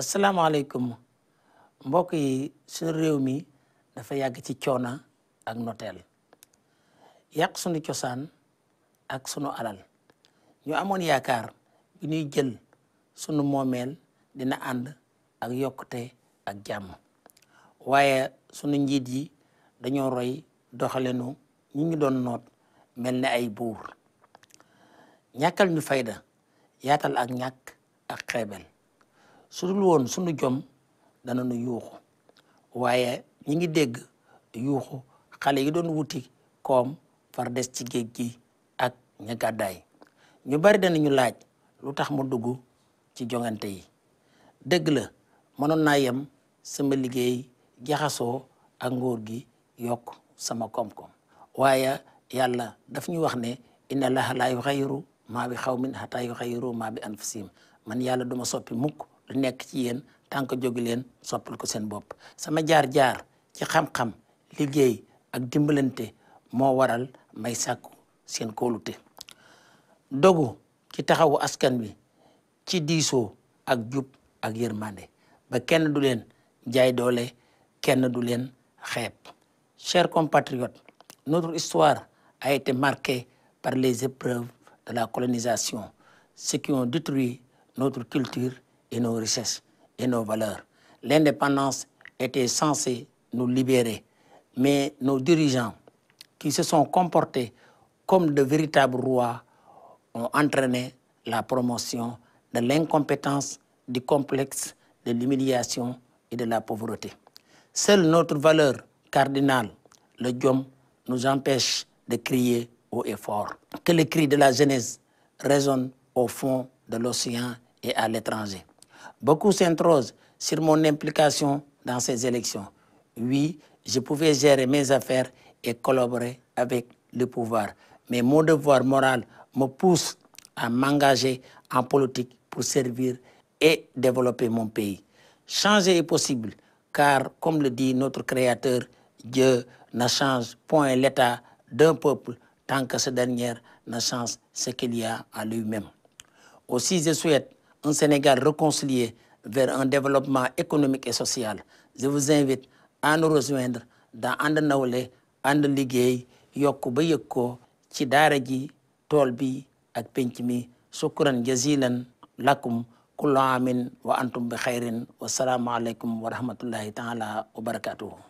asalaamaaleykum mbokk yi suñu réew mi dafa yàgg ci coona ak noteel yàq suñu cosaan ak sunu alal ñu amoon yaakaar bi ñuy jël sunu moomeel dina ànd ak yokkute ak jàmm waaye sunu njiit yi dañoo roy doxalinu ñi ñu doon noot mel ni ay buur ñàkkal ñu fayda yaatal ak ñàkk ak xeebel su dul woon sunu jom dana nu yuuxu waaye ñi ngi dégg yuuxu xale yi doon wuti koom far ci géej gi ak ña gàddaay ñu bari danañu laaj lu tax ma dugg ci jongante yi dëgg la mënoon naa yem sama liggéey jaxasoo ak nguur gi yokk sama koom-koom waaye yàlla daf ñu wax ne inna allaha laa yuxayiru maa bi xawmin xataa yuxayiru maa bi anfusihim man yàlla duma soppi mukk nekk ci yéen tànk jógu leen soppal ko seen bopp sama jaar-jaar ci xam-xam liggéey ak dimbalante moo waral may sàkku seen kóolute dogu ci taxawu askan wi ci diisoo ak jub ak yërmande ba kenn du leen jaay doole kenn du leen xeeb cher compatriotes notre histoire a été par les épreuves de la colonisation ce qui ont détruit notre culture et nos richesses et nos valeurs. L'indépendance était censée nous libérer, mais nos dirigeants qui se sont comportés comme de véritables rois ont entraîné la promotion de l'incompétence, du complexe, de l'humiliation et de la pauvreté. Seule notre valeur cardinal le diom, nous empêche de crier au et fort. Que le cri de la Genèse résonne au fond de l'océan et à l'étranger. Beaucoup s'interrogent sur mon implication dans ces élections. Oui, je pouvais gérer mes affaires et collaborer avec le pouvoir, mais mon devoir moral me pousse à m'engager en politique pour servir et développer mon pays. Changer est possible, car comme le dit notre Créateur, Dieu na change point l'état d'un peuple tant que ce dernier ne change ce qu'il y a à lui-même. Aussi, je souhaite un Sénégal réconcilié vers un développement économique et social. Je vous invite à nous dans ànd nawle ànd liggéey yokk ba yëg ko ci daara ji tool bi ak penc mi sukkuran jazilan lakum kullu amin wa antum bi xayrin wa salaamu aleykum wa rahmatullahi taala wa barakatuhu